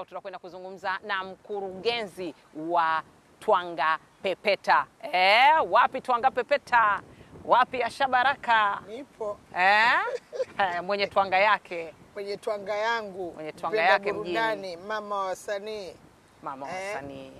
leo tutakwenda kuzungumza na mkurugenzi wa Twanga Pepeta. E, wapi Twanga Pepeta? Wapi Asha Baraka? Nipo. E, mwenye twanga yake, mwenye twanga yangu, mwenye twanga yake mjini, mama wa wasanii, mama wa wasanii.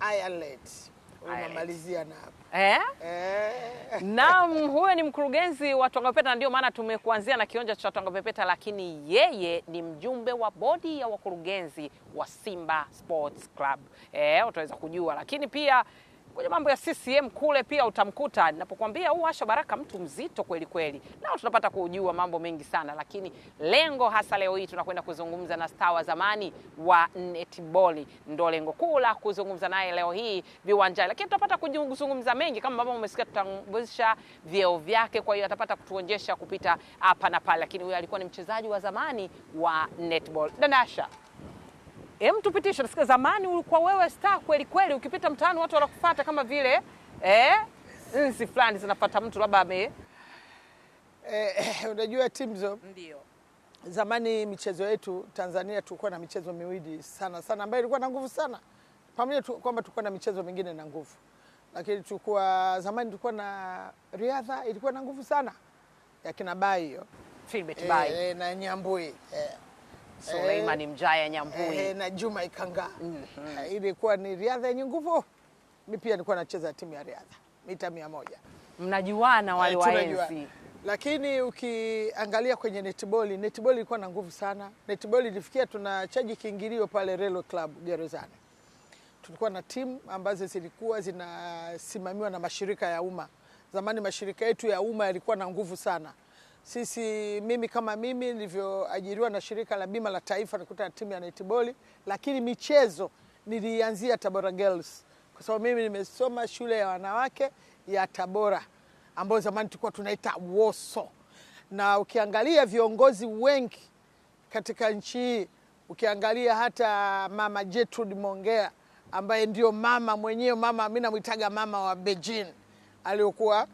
Ayalet unamalizia na hapa Eh? Eh. Naam, huyo ni mkurugenzi wa Twangapepeta, ndio maana tumekuanzia na kionja cha Twangapepeta, lakini yeye ni mjumbe wa bodi ya wakurugenzi wa Simba Sports Club. Eh, utaweza kujua, lakini pia kwenye mambo ya CCM kule pia utamkuta, ninapokuambia huu Asha Baraka mtu mzito kweli kweli, nao tunapata kujua mambo mengi sana, lakini lengo hasa leo hii tunakwenda kuzungumza na star wa zamani wa netball, ndo lengo kuu la kuzungumza naye leo hii viwanjani, lakini tutapata kuzungumza mengi kama ambavyo umesikia, tutambulisha vyeo vyake, kwa hiyo atapata kutuonjesha kupita hapa na pale, lakini huyo alikuwa ni mchezaji wa zamani wa netball. Dada Asha Hem, tupitishe tusikie. Zamani ulikuwa wewe star kweli kweli, ukipita mtaani watu wanakufuata kama vile eh, nsi fulani zinafuata mtu labda ame eh, eh unajua Timzo. Ndio. Zamani michezo yetu Tanzania tulikuwa na michezo miwili sana sana ambayo ilikuwa na nguvu sana, pamoja tu kwamba tulikuwa na michezo mingine na nguvu, lakini tulikuwa zamani tulikuwa na riadha ilikuwa na nguvu sana ya kina bai hiyo e, e, na nyambui e. Suleimani eh, Mjaya Nyambui eh, na Juma Ikanga mm -hmm. Ilikuwa ni riadha yenye nguvu. Mi pia nilikuwa nacheza timu ya riadha mita mia moja. Mnajuana wale eh, waenzi, lakini ukiangalia kwenye netball, netball ilikuwa na nguvu sana. Netball ilifikia chaji kiingilio pale Relo Club Gerezani. Tulikuwa na timu ambazo zilikuwa zinasimamiwa na mashirika ya umma. Zamani mashirika yetu ya umma yalikuwa na nguvu sana sisi, mimi kama mimi nilivyoajiriwa na shirika la bima la taifa nikuta na timu ya netiboli, lakini michezo nilianzia Tabora Girls kwa sababu mimi nimesoma shule ya wanawake ya Tabora ambayo zamani tulikuwa tunaita Woso, na ukiangalia viongozi wengi katika nchi hii, ukiangalia hata mama Gertrude Mongea ambaye ndio mama mwenyewe, mama mi namwitaga mama wa Beijing, aliyokuwa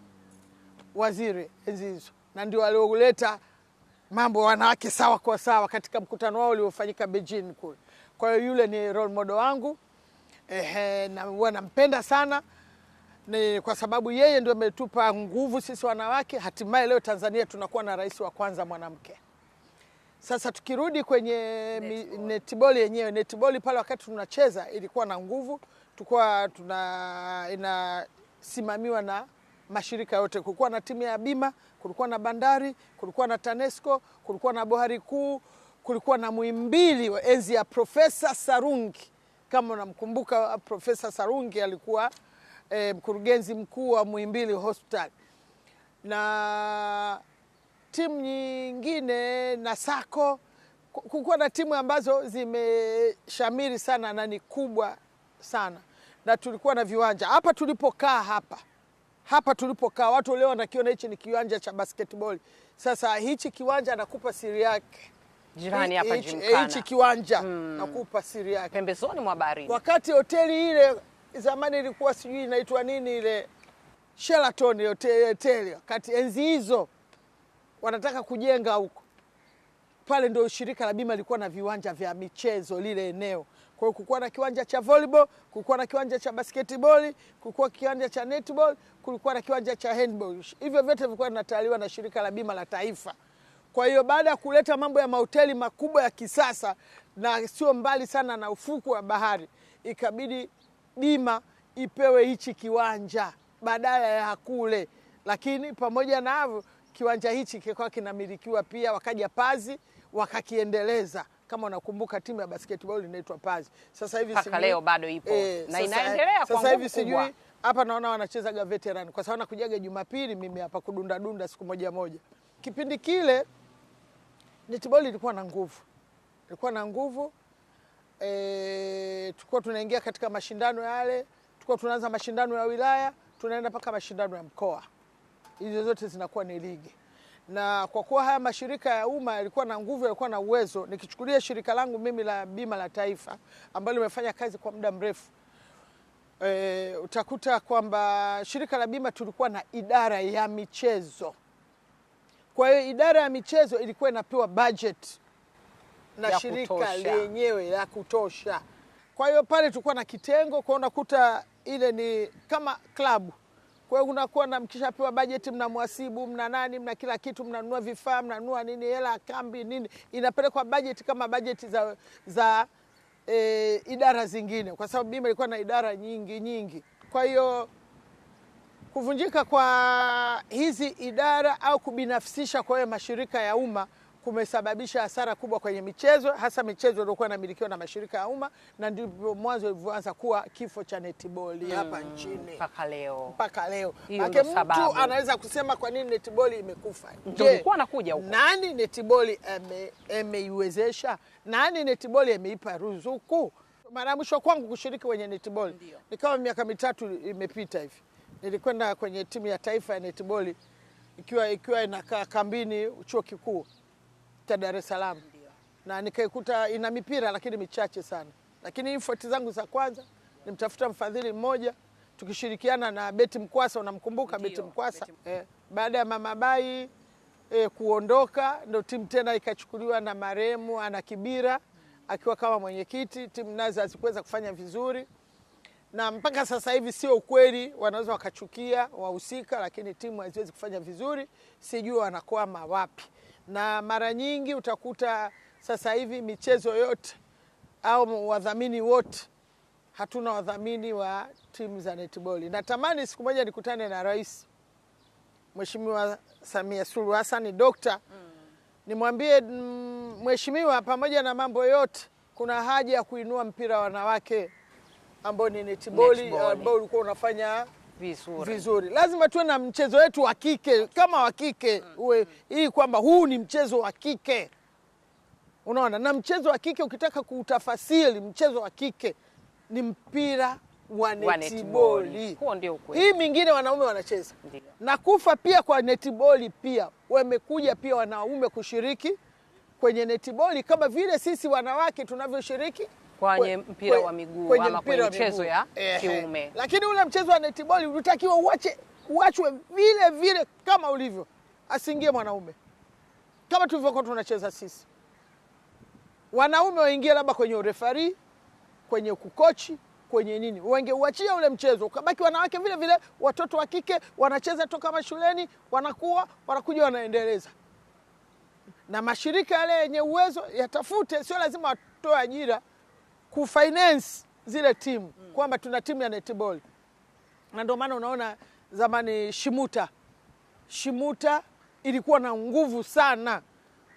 waziri enzi hizo na ndio walioleta mambo wanawake sawa kwa sawa katika mkutano wao uliofanyika Beijing kule. Kwa hiyo yule ni role model wangu ehe, na huwa nampenda sana ni kwa sababu yeye ndio ametupa nguvu sisi wanawake. Hatimaye leo Tanzania tunakuwa na rais wa kwanza mwanamke. Sasa tukirudi kwenye netiboli yenyewe, netiboli pale wakati tunacheza ilikuwa na nguvu, tulikuwa tuna inasimamiwa na mashirika yote. Kulikuwa na timu ya bima, kulikuwa na bandari, kulikuwa na TANESCO, kulikuwa na bohari kuu, kulikuwa na Muhimbili wa enzi ya Profesa Sarungi. Kama unamkumbuka Profesa Sarungi alikuwa eh, mkurugenzi mkuu wa Muhimbili Hospital na timu nyingine na Sako. Kulikuwa na timu ambazo zimeshamiri sana na ni kubwa sana, na tulikuwa na viwanja hapa tulipokaa hapa hapa tulipokaa watu leo wanakiona hichi ni kiwanja cha basketball. Sasa hichi kiwanja anakupa siri yake jirani hapa Jimkana. hichi kiwanja hmm, nakupa siri yake pembezoni mwa bahari. Wakati hoteli ile zamani ilikuwa sijui inaitwa nini ile Sheraton hoteli, wakati enzi hizo wanataka kujenga huko pale, ndio shirika la bima lilikuwa na viwanja vya michezo lile eneo kwa hiyo na kiwanja cha volleyball, kulikuwa na kiwanja cha basketball, kulikuwa kiwanja cha netball, kulikuwa na kiwanja cha handball. Hivyo vyote vilikuwa vinatawaliwa na shirika la bima la taifa. Kwa hiyo baada ya kuleta mambo ya mahoteli makubwa ya kisasa na sio mbali sana na ufuku wa bahari, ikabidi bima ipewe hichi kiwanja badala ya kule. Lakini pamoja na hivyo, kiwanja hichi kilikuwa kinamilikiwa pia, wakaja Pazi wakakiendeleza kama unakumbuka timu ya basketball inaitwa Pazi. Sasa hivi si leo bado ipo e, na inaendelea kwa Sasa hivi sijui hapa naona ga veteran kwa sababu nakujaga Jumapili mimi hapa kudunda dunda siku moja moja. Kipindi kile netball ilikuwa na nguvu, ilikuwa na nguvu e, tulikuwa tunaingia katika mashindano yale, tulikuwa tunaanza mashindano ya wilaya, tunaenda mpaka mashindano ya mkoa. Hizo zote zinakuwa ni ligi na kwa kuwa haya mashirika ya umma yalikuwa na nguvu, yalikuwa na uwezo, nikichukulia shirika langu mimi la bima la taifa ambalo limefanya kazi kwa muda mrefu e, utakuta kwamba shirika la bima tulikuwa na idara ya michezo. Kwa hiyo idara ya michezo ilikuwa inapewa budget na ya shirika lenyewe la kutosha. Kwa hiyo pale tulikuwa na kitengo kwa, unakuta ile ni kama klabu kwa hiyo unakuwa na mkishapewa bajeti, mna mwasibu, mna nani, mna kila kitu, mnanunua vifaa, mnanunua nini, hela kambi nini, inapelekwa bajeti kama bajeti za, za e, idara zingine, kwa sababu bima ilikuwa na idara nyingi nyingi. Kwa hiyo kuvunjika kwa hizi idara au kubinafsisha kwa hiyo mashirika ya umma kumesababisha hasara kubwa kwenye michezo, hasa michezo iliyokuwa inamilikiwa na mashirika ya umma, na ndipo mwanzo ilivyoanza kuwa kifo cha netiboli mm, hapa nchini mpaka leo, mpaka leo. Mtu anaweza kusema kwa nini netiboli imekufa? Je, nani netiboli ameiwezesha? Nani netiboli ameipa ruzuku? Mara ya mwisho kwangu kushiriki kwenye netiboli nikawa miaka mitatu imepita hivi, nilikwenda kwenye timu ya taifa ya netiboli ikiwa ikiwa inakaa kambini chuo kikuu cha Dar es Salaam na nikaikuta ina mipira lakini michache sana, lakini infoti zangu za kwanza nimtafuta mfadhili mmoja tukishirikiana na Beti Mkwasa, unamkumbuka Beti Mkwasa? Eh, baada ya Mama Bai eh, kuondoka ndo timu tena ikachukuliwa na marehemu Ana Kibira akiwa kama mwenyekiti. Timu nazo hazikuweza kufanya vizuri, na mpaka sasa hivi sio ukweli, wanaweza wakachukia wahusika, lakini timu haziwezi kufanya vizuri, sijui wanakwama wapi na mara nyingi utakuta sasa hivi michezo yote au wadhamini wote hatuna wadhamini wa timu za netiboli. Natamani siku moja nikutane na Rais Mheshimiwa Samia Suluhu Hassan dokta, mm. nimwambie mm, mheshimiwa, pamoja na mambo yote, kuna haja ya kuinua mpira wanawake ambao ni netiboli ambao ulikuwa unafanya vizuri, vizuri. Lazima tuwe na mchezo wetu wa kike kama wa kike mm. uwe hii kwamba huu ni mchezo wa kike, unaona. Na mchezo wa kike ukitaka kuutafasiri, mchezo wa kike ni mpira wa netiboli. Hii mingine wanaume wanacheza na kufa pia kwa netiboli, pia wamekuja pia wanaume kushiriki kwenye netiboli kama vile sisi wanawake tunavyoshiriki kwenye mpira wa miguu ama kwenye mchezo ya kiume, lakini ule mchezo wa netiboli unatakiwa uache uachwe vile vile kama ulivyo, asiingie mwanaume kama tulivyokuwa tunacheza sisi. Wanaume waingie labda kwenye urefari, kwenye kukochi, kwenye nini, wangeuachia ule mchezo ukabaki wanawake vile vile. Watoto wa kike wanacheza toka mashuleni, wanakuwa wanakuja, wanaendeleza na mashirika yale yenye uwezo yatafute, sio lazima watoe ajira kufinance zile timu mm. kwamba tuna timu ya netball, na ndio maana unaona zamani Shimuta Shimuta ilikuwa na nguvu sana.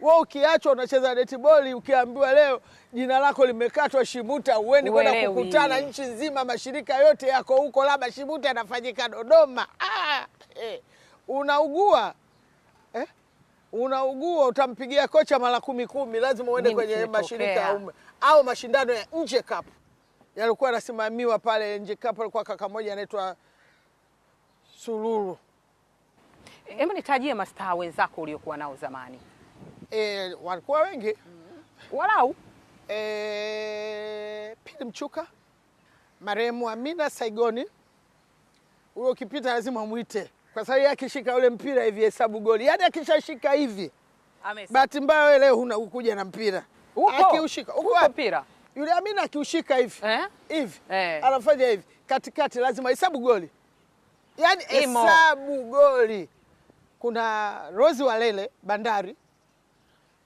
Wewe ukiachwa unacheza netball, ukiambiwa leo jina lako limekatwa Shimuta, uende kwenda kukutana nchi nzima, mashirika yote yako huko, labda Shimuta anafanyika Dodoma. Ah, eh, unaugua eh? Unaugua, utampigia kocha mara kumi kumi, lazima uende kwenye mashirika ya umma au mashindano ya nje cup yalikuwa yanasimamiwa pale nje cup, alikuwa kaka mmoja anaitwa Sururu. Hebu nitajie mastaa wenzako uliokuwa nao zamani. E, walikuwa wengi mm. walau e, Pili Mchuka, marehemu Amina Saigoni, huyo ukipita lazima mwite, kwa sababu akishika ule mpira hivi hesabu goli, yaani akishashika hivi, bahati mbaya wewe leo huna na mpira akiushika huko mpira yule Amina akiushika hivi eh? hivi eh? anafanya hivi katikati, lazima hesabu goli, yaani hesabu goli. Kuna Rose Walele Bandari,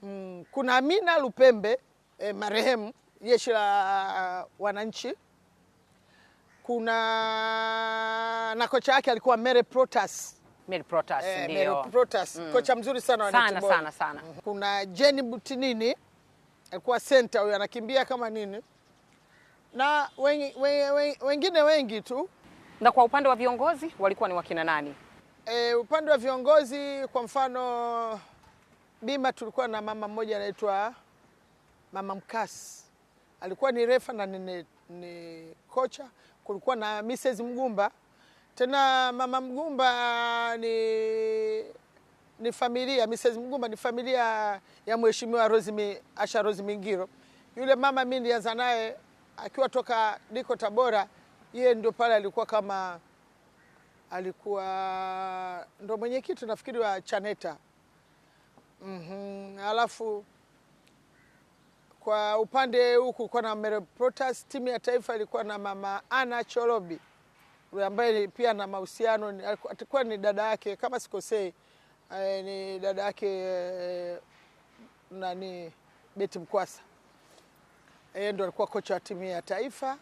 mm, kuna Amina Lupembe eh, marehemu jeshi la uh, wananchi kuna na kocha yake alikuwa Mere Protas. Mere Protas, eh, Mere Protas. Mm. Kocha mzuri sana wa netball. Sana, sana, sana. Mm-hmm. Kuna Jenny Butinini alikuwa senta huyo, anakimbia kama nini, na wengi, wengi, wengine wengi tu. Na kwa upande wa viongozi walikuwa ni wakina nani? E, upande wa viongozi kwa mfano bima, tulikuwa na mama mmoja anaitwa Mama Mkasi, alikuwa ni refa na ni, ni kocha. Kulikuwa na Mrs Mgumba, tena Mama Mgumba ni ni familia Mrs. Mgumba ni familia ya Mheshimiwa Rosemary Asha Rosemary Ngiro. Yule mama mimi nilianza naye akiwa toka niko Tabora, yeye ndio pale alikuwa kama alikuwa ndo mwenyekiti nafikiri wa Chaneta. mm -hmm. Alafu kwa upande huku kwa na reporters timu ya taifa ilikuwa na mama Ana Chorobi ambaye pia na mahusiano, alikuwa ni dada yake kama sikosei e, ni dada yake eh, nani Beti Mkwasa, yeye ndo alikuwa kocha wa timu ya taifa.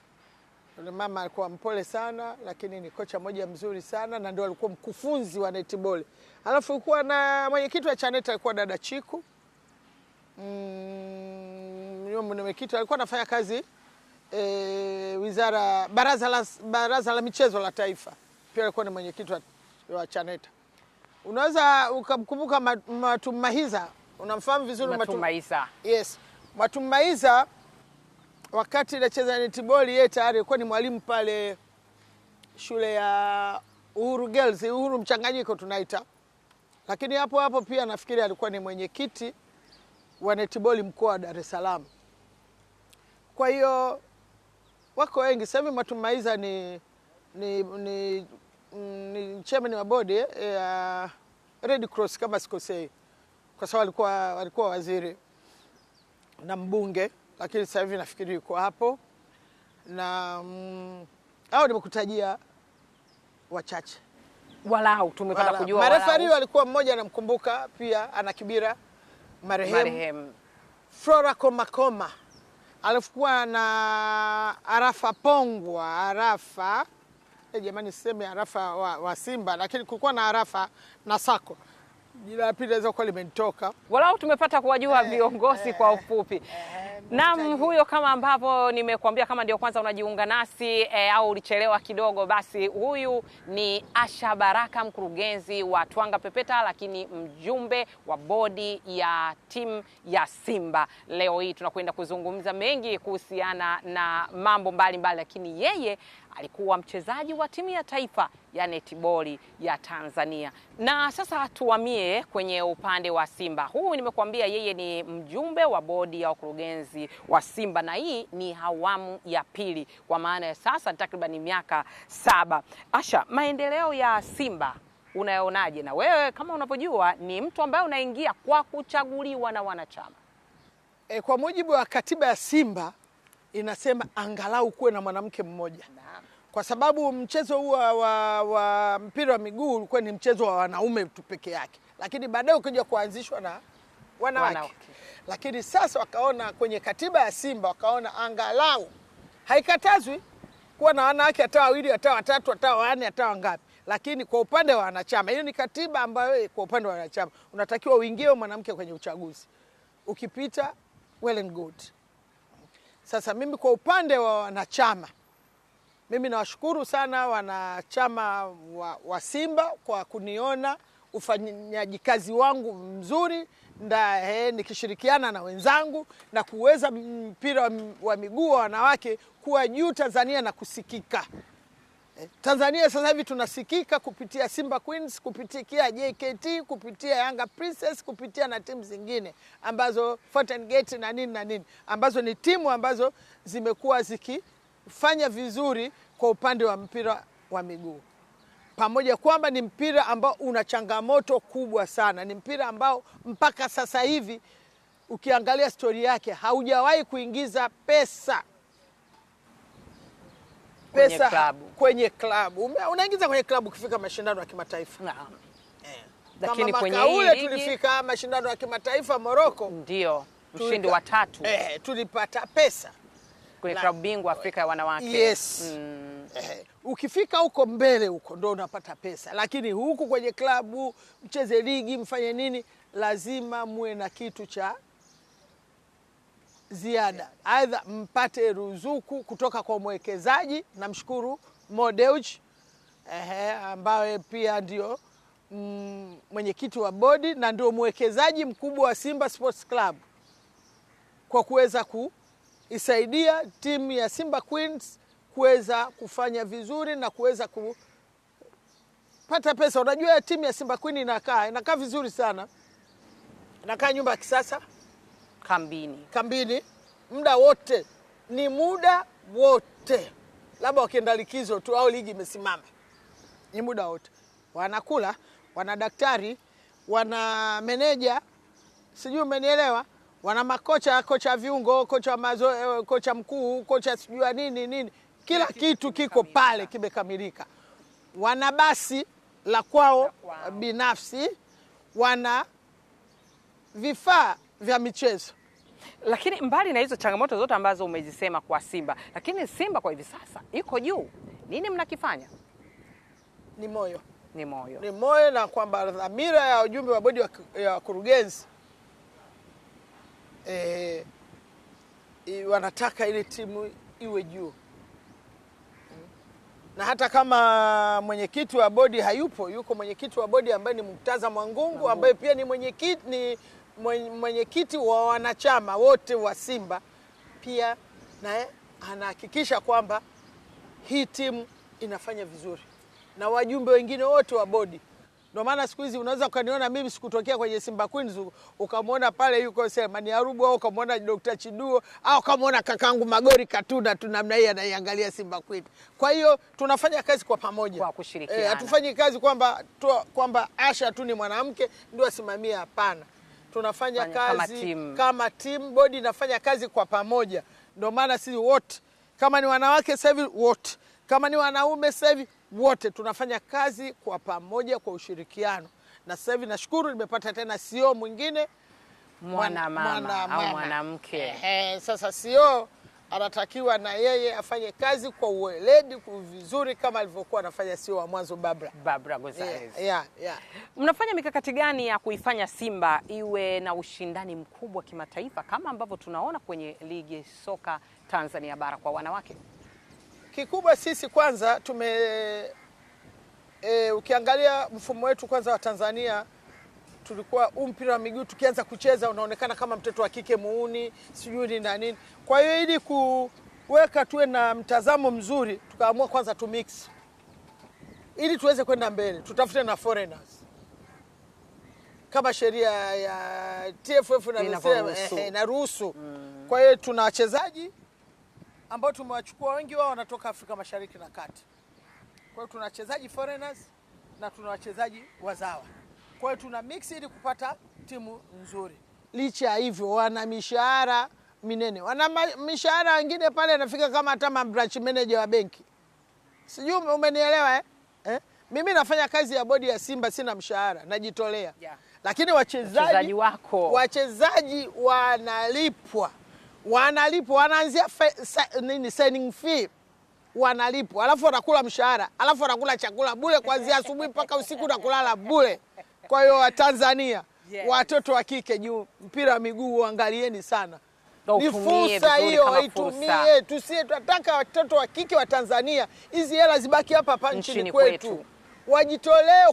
Mama alikuwa mpole sana, lakini ni kocha moja mzuri sana na ndo alikuwa mkufunzi wa netiboli. Alafu ilikuwa na mwenyekiti wa Chaneta alikuwa dada Chiku mm, mwenyekiti alikuwa anafanya kazi e, wizara baraza la, baraza la michezo la taifa, pia alikuwa ni mwenyekiti wa, wa Chaneta unaweza ukamkumbuka Matumaiza, unamfahamu vizuri Mwatumaiza? Yes, Matumaiza wakati nacheza netiboli, yeye tayari alikuwa ni mwalimu pale shule ya Uhuru Girls, Uhuru mchanganyiko tunaita, lakini hapo hapo pia nafikiri alikuwa ni mwenyekiti wa netiboli mkoa wa Dar es Salaam. Kwa hiyo wako wengi sasa hivi Mwatumaiza ni, ni, ni ni chairman wa bodi eh, ya Red Cross kama sikosei, kwa sababu alikuwa alikuwa waziri na mbunge, lakini sasa hivi nafikiri yuko hapo na mm, au nimekutajia wachache walau tumepata wala kujua marefari alikuwa mmoja anamkumbuka pia ana kibira marehemu marehem. Flora Komakoma alikuwa na Arafa Pongwa Arafa Eh, jamani, siseme arafa wa, wa Simba, lakini kulikuwa na harafa na Sako jina la pili inaweza kuwa limenitoka, walau tumepata kuwajua eh, viongozi eh, kwa ufupi eh, eh nam huyo, kama ambavyo nimekuambia, kama ndio kwanza unajiunga nasi eh, au ulichelewa kidogo, basi huyu ni Asha Baraka, mkurugenzi wa Twanga Pepeta, lakini mjumbe wa bodi ya timu ya Simba. Leo hii tunakwenda kuzungumza mengi kuhusiana na mambo mbalimbali mbali, lakini yeye alikuwa mchezaji wa timu ya taifa ya netiboli ya Tanzania. Na sasa tuamie kwenye upande wa Simba. Huyu nimekuambia yeye ni mjumbe wa bodi ya wakurugenzi wa Simba, na hii ni awamu ya pili, kwa maana ya sasa takriban miaka saba. Asha, maendeleo ya Simba unayoonaje Na wewe kama unavyojua ni mtu ambaye unaingia kwa kuchaguliwa na wanachama. E, kwa mujibu wa katiba ya Simba inasema angalau kuwe na mwanamke mmoja na kwa sababu mchezo huu wa, wa mpira wa miguu ulikuwa ni mchezo wa wanaume tu peke yake, lakini baadaye ukija kuanzishwa na wanawake. Wanawake. Lakini sasa wakaona kwenye katiba ya Simba wakaona angalau haikatazwi kuwa na wanawake hata wawili hata watatu hata wanne hata wangapi, lakini kwa upande wa wanachama, hiyo ni katiba ambayo kwa upande wa wanachama unatakiwa uingie mwanamke kwenye uchaguzi, ukipita well and good. Sasa mimi kwa upande wa wanachama mimi nawashukuru sana wanachama wa, wa Simba kwa kuniona ufanyaji kazi wangu mzuri nda, he, eh, nikishirikiana na wenzangu na kuweza mpira wa miguu wa wanawake kuwa juu Tanzania na kusikika. Eh, Tanzania sasa hivi tunasikika kupitia Simba Queens, kupitia JKT, kupitia Yanga Princess, kupitia na timu zingine ambazo Fountain Gate na nini na nini ambazo ni timu ambazo zimekuwa ziki kufanya vizuri kwa upande wa mpira wa miguu, pamoja kwamba ni mpira ambao una changamoto kubwa sana. Ni mpira ambao mpaka sasa hivi ukiangalia stori yake haujawahi kuingiza pesa pesa kwenye, kwenye klabu unaingiza kwenye klabu ukifika mashindano ya kimataifa naam. Eh, lakini kwenye ule tulifika mashindano ya kimataifa Moroko, ndio mshindi wa tatu eh, tulipata pesa kule klabu bingwa Afrika ya wanawake. Yes. Mm. Eh, ukifika huko mbele huko ndo unapata pesa, lakini huku kwenye klabu mcheze ligi mfanye nini, lazima muwe na kitu cha ziada, aidha mpate ruzuku kutoka kwa mwekezaji. Namshukuru Mo Dewji ehe, ambaye pia ndio mm, mwenyekiti wa bodi na ndio mwekezaji mkubwa wa Simba Sports Club kwa kuweza ku isaidia timu ya Simba Queens kuweza kufanya vizuri na kuweza kupata pesa. Unajua timu ya Simba Queens inakaa inakaa vizuri sana, inakaa nyumba ya kisasa kambini, kambini muda wote, ni muda wote, labda wakienda likizo tu au ligi imesimama, ni muda wote wanakula, wana daktari, wana meneja, sijui umenielewa wana makocha, kocha viungo, kocha mazo, eh, kocha mkuu, kocha sijua nini nini, kila kitu kiko pale kimekamilika. Wana basi la kwao binafsi, wana vifaa vya michezo. Lakini mbali na hizo changamoto zote ambazo umezisema kwa Simba, lakini Simba kwa hivi sasa iko juu, nini mnakifanya? Ni moyo, ni moyo, ni moyo, na kwamba dhamira ya ujumbe wa bodi ya wakurugenzi eh, wanataka ile timu iwe juu na hata kama mwenyekiti wa bodi hayupo, yuko mwenyekiti wa bodi ambaye ni Muktaza Mwangungu ambaye pia ni mwenyekiti ni mwenyekiti wa wanachama wote wa Simba, pia naye anahakikisha kwamba hii timu inafanya vizuri na wajumbe wengine wote wa bodi ndio maana siku hizi unaweza ukaniona mimi sikutokea kwenye Simba Queens, ukamwona pale yuko Selemani Arubu au ukamwona Dr. Chiduo au ukamwona kakangu Magori Katuna tu namna hii anaiangalia Simba Queens. Kwa hiyo tunafanya kazi kwa pamoja, kwa eh, kushirikiana. Hatufanyi e, kazi kwamba kwamba Asha tu ni mwanamke ndio asimamia, hapana. Tunafanya Fanya kazi kama timu, bodi inafanya kazi kwa pamoja. Ndio maana sisi wote kama ni wanawake sasa hivi wote, kama ni wanaume sasa hivi wote tunafanya kazi kwa pamoja kwa ushirikiano, na sasa hivi nashukuru nimepata tena sio e mwingine mwanamama au mwanamke sasa sio e anatakiwa na yeye afanye kazi kwa uweledi vizuri kama alivyokuwa anafanya sio e wa mwanzo Babra, Babra Gonzalez. Yeah, yeah, yeah. Mnafanya mikakati gani ya kuifanya Simba iwe na ushindani mkubwa kimataifa kama ambavyo tunaona kwenye ligi soka Tanzania bara kwa wanawake? Kikubwa sisi kwanza tume e, ukiangalia mfumo wetu kwanza wa Tanzania tulikuwa huu mpira wa miguu tukianza kucheza unaonekana kama mtoto wa kike muuni, sijui ni na nini. Kwa hiyo ili kuweka tuwe na mtazamo mzuri, tukaamua kwanza tu mix ili tuweze kwenda mbele, tutafute na foreigners kama sheria ya TFF inaruhusu, eh, eh mm. Kwa hiyo tuna wachezaji ambao tumewachukua wengi wao wanatoka Afrika Mashariki na Kati. Kwa hiyo tuna wachezaji foreigners na tuna wachezaji wazawa. Kwa hiyo tuna mix ili kupata timu nzuri. Licha ya hivyo, wana mishahara minene, wana mishahara wengine pale nafika kama hata branch manager wa benki, sijui umenielewa eh? Eh? Mimi nafanya kazi ya bodi ya Simba, sina mshahara, najitolea yeah. Lakini wachezaji wako wachezaji wanalipwa wanalipo wanaanzia nini sending fee wanalipo, alafu wanakula mshahara, alafu wanakula chakula bure kuanzia asubuhi mpaka usiku na kulala bure. Kwa hiyo Watanzania, yeah. watoto wa kike juu mpira wa miguu uangalieni sana ni fursa hiyo, waitumie Tusiye tunataka watoto wa kike wa Tanzania, hizi hela zibaki hapa hapa nchini kwetu, wajitolee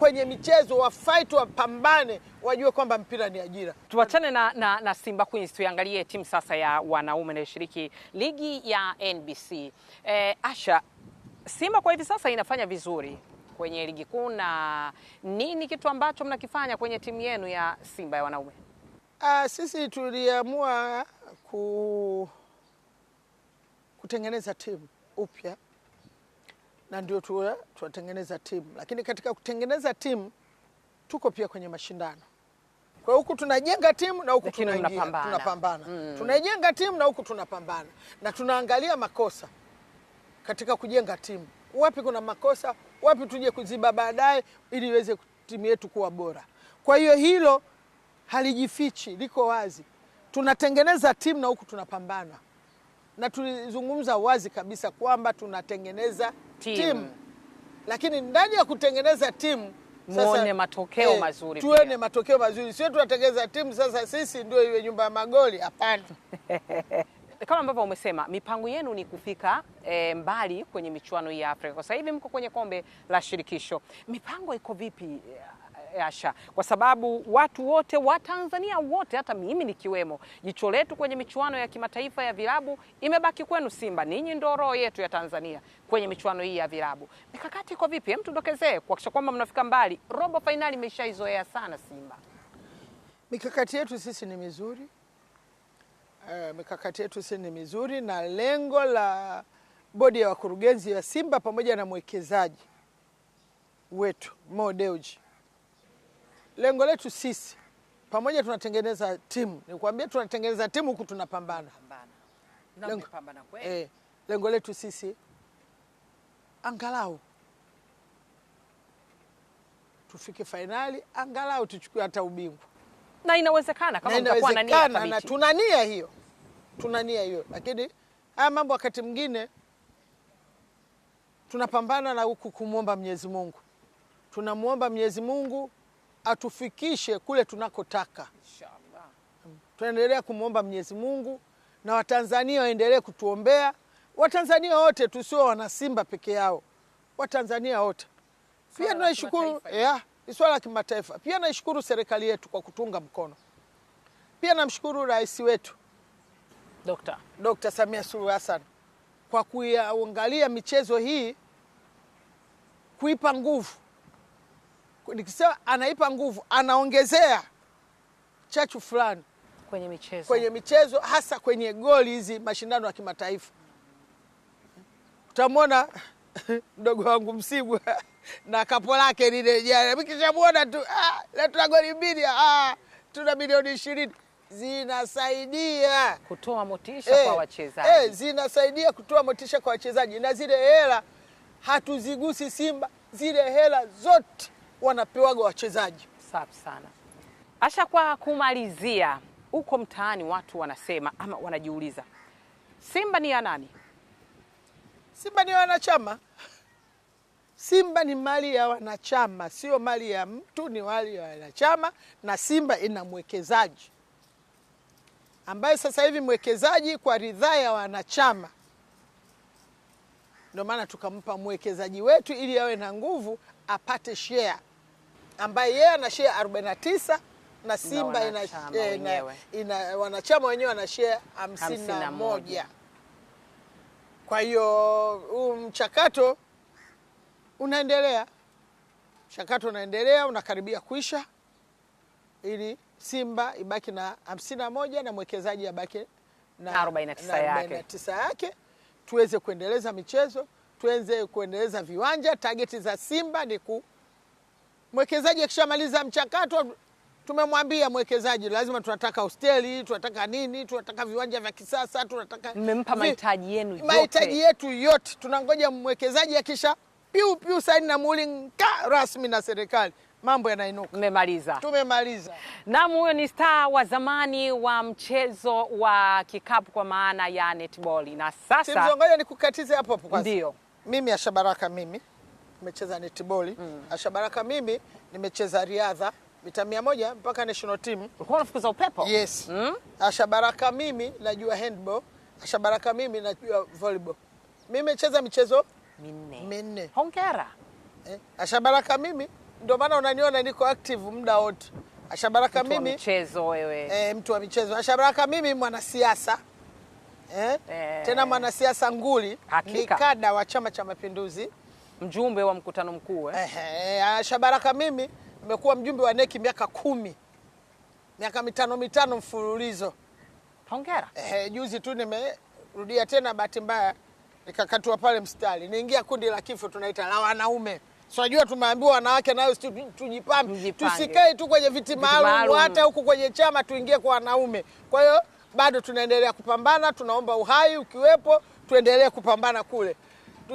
kwenye michezo wafaiti, wapambane, wajue kwamba mpira ni ajira. Tuachane na, na, na Simba Queens, tuiangalie timu sasa ya wanaume inayoshiriki ligi ya NBC. E, eh, Asha, Simba kwa hivi sasa inafanya vizuri kwenye ligi kuu, na nini kitu ambacho mnakifanya kwenye timu yenu ya Simba ya wanaume? Uh, sisi tuliamua ku kutengeneza timu upya na ndio eh, tunatengeneza timu, lakini katika kutengeneza timu tuko pia kwenye mashindano. Kwa huku tunajenga timu na huku tunaingia tunapambana, mm. Tunajenga timu na huku tunapambana na tunaangalia makosa katika kujenga timu, wapi kuna makosa, wapi tuje kuziba baadaye, ili iweze timu yetu kuwa bora. Kwa hiyo hilo halijifichi, liko wazi. Tunatengeneza timu na huku tunapambana na tulizungumza wazi kabisa kwamba tunatengeneza timu, lakini ndani ya kutengeneza timu muone matokeo eh, mazuri, tuone matokeo mazuri, sio tunatengeneza timu sasa sisi ndio iwe nyumba ya magoli. Hapana. Kama ambavyo umesema mipango yenu ni kufika e, mbali kwenye michuano ya Afrika. Kwa sasa hivi mko kwenye kombe la shirikisho, mipango iko vipi? Asha, kwa sababu watu wote wa tanzania wote hata mimi nikiwemo, jicho letu kwenye michuano ya kimataifa ya vilabu imebaki kwenu Simba. Ninyi ndio roho yetu ya Tanzania kwenye michuano hii ya vilabu. Mikakati iko vipi? Hem, tudokezee kuhakikisha kwamba mnafika mbali. Robo fainali imeshaizoea sana Simba. Mikakati yetu sisi ni mizuri Uh, mikakati yetu si ni mizuri na lengo la bodi ya wakurugenzi ya Simba pamoja na mwekezaji wetu Mo Dewji lengo letu sisi pamoja tunatengeneza timu, kuambia tunatengeneza timu huku tunapambana. Lengo, eh, lengo letu sisi angalau tufike fainali, angalau tuchukue hata ubingwa, na inawezekana kama mtakuwa na nia na tuna nia hiyo, tuna nia hiyo, lakini haya mambo wakati mwingine tunapambana na huku kumwomba Mwenyezi Mungu, tunamwomba Mwenyezi Mungu atufikishe kule tunakotaka. Inshallah. Mm. Tunaendelea kumwomba Mwenyezi Mungu na Watanzania waendelee kutuombea, Watanzania wote tusio wanasimba peke yao, Watanzania wote pia tunaishukuru ya swala la kimataifa. Pia naishukuru serikali yetu kwa kutunga mkono. Pia namshukuru rais wetu Dokta Dokta Samia Suluhu Hassan kwa kuiangalia michezo hii, kuipa nguvu nikisema anaipa nguvu, anaongezea chachu fulani kwenye michezo, kwenye michezo hasa kwenye goli hizi mashindano ya kimataifa. Utamwona mdogo wangu Msibwa na kapo lake lile jana, nikishamwona tu ah, tuna goli mbili ah, tuna milioni ishirini zinasaidia kutoa motisha eh, kwa wachezaji eh, zinasaidia kutoa motisha kwa wachezaji na zile hela hatuzigusi Simba, zile hela zote wanapewaga wachezaji. Safi sana Asha, kwa kumalizia, huko mtaani watu wanasema ama wanajiuliza Simba ni ya nani? Simba ni wanachama. Simba ni mali ya wanachama, sio mali ya mtu, ni mali ya wanachama. Na Simba ina mwekezaji ambaye sasa hivi mwekezaji kwa ridhaa ya wanachama, ndio maana tukampa mwekezaji wetu ili awe na nguvu apate share ambaye yeye ana share 49 na Simba ina, ina, eh, ina wanachama wenyewe wana share 51. Kwa hiyo huu mchakato unaendelea, mchakato unaendelea, unakaribia kuisha ili Simba ibaki na 51 na mwekezaji abaki na 49 yake, yake tuweze kuendeleza michezo tuweze kuendeleza viwanja. Tageti za Simba ni ku Mwekezaji akishamaliza mchakato, tumemwambia mwekezaji lazima, tunataka hosteli, tunataka nini, tunataka viwanja vya kisasa, tunataka mmempa mahitaji yenu yote, mahitaji yetu yote. Tunangoja mwekezaji akisha piu piu saini na nka rasmi na serikali mambo yanainuka. Mmemaliza, tumemaliza. Naam, huyo ni star wa zamani wa mchezo wa kikapu kwa maana ya netball, na sasa ngoja nikukatize hapo hapo kwanza. Ndio mimi Asha Baraka, mimi nimecheza netiboli mm. Asha Baraka mimi nimecheza riadha mita mia moja mpaka national team. Ulikuwa unafukuza upepo? Yes. Mm. Asha Baraka mimi najua handball. Asha Baraka mimi najua volleyball. Mimi nimecheza michezo minne. Minne. Hongera. Eh, Asha Baraka mimi ndio maana unaniona niko active muda wote. Asha Baraka mimi mtu wa michezo wewe. Eh, mtu wa michezo. Asha Baraka mimi mwanasiasa. Eh? Eh. Tena mwanasiasa nguli, ni kada wa Chama cha Mapinduzi mjumbe wa mkutano mkuu eh? Ehe, eh, Shabaraka, mimi nimekuwa mjumbe wa neki miaka kumi, miaka mitano mitano mfululizo. Hongera. Ehe, juzi tu nimerudia tena, bahati mbaya nikakatwa pale mstari, niingia kundi la kifo tunaita la wanaume Unajua tumeambiwa wanawake nayo tujipambe, tusikae tu kwenye viti maalum, hata huku kwenye chama tuingie kwa wanaume. Kwa hiyo bado tunaendelea kupambana, tunaomba uhai ukiwepo, tuendelee kupambana kule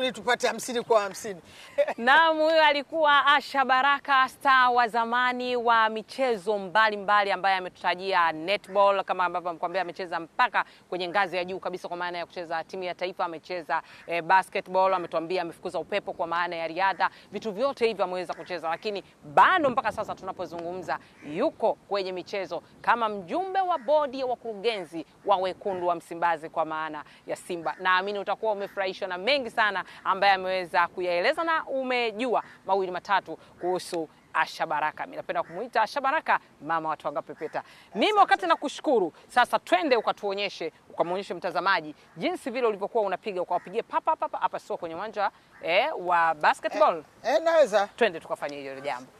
ili tupate hamsini kwa hamsini. Naam, huyo alikuwa Asha Baraka, star wa zamani wa michezo mbalimbali, ambaye ametutajia netball, kama ambavyo mkwambia, amecheza mpaka kwenye ngazi ya juu kabisa, kwa maana ya kucheza timu ya taifa, amecheza eh, basketball, ametuambia amefukuza upepo kwa maana ya riadha, vitu vyote hivyo ameweza kucheza, lakini bado mpaka sasa tunapozungumza yuko kwenye michezo kama mjumbe wa bodi ya wakurugenzi wa wekundu wa Msimbazi kwa maana ya Simba. Naamini utakuwa umefurahishwa na mengi sana ambaye ameweza kuyaeleza na umejua mawili matatu kuhusu Asha Baraka. Mimi napenda kumuita Asha Baraka mama watu wanga pepeta. Mimi wakati nakushukuru, sasa twende ukatuonyeshe, ukamuonyeshe mtazamaji jinsi vile ulivyokuwa unapiga ukawapigia papa papa hapa sio kwenye uwanja eh, wa basketball. Eh, eh naweza. Twende tukafanye hilo jambo.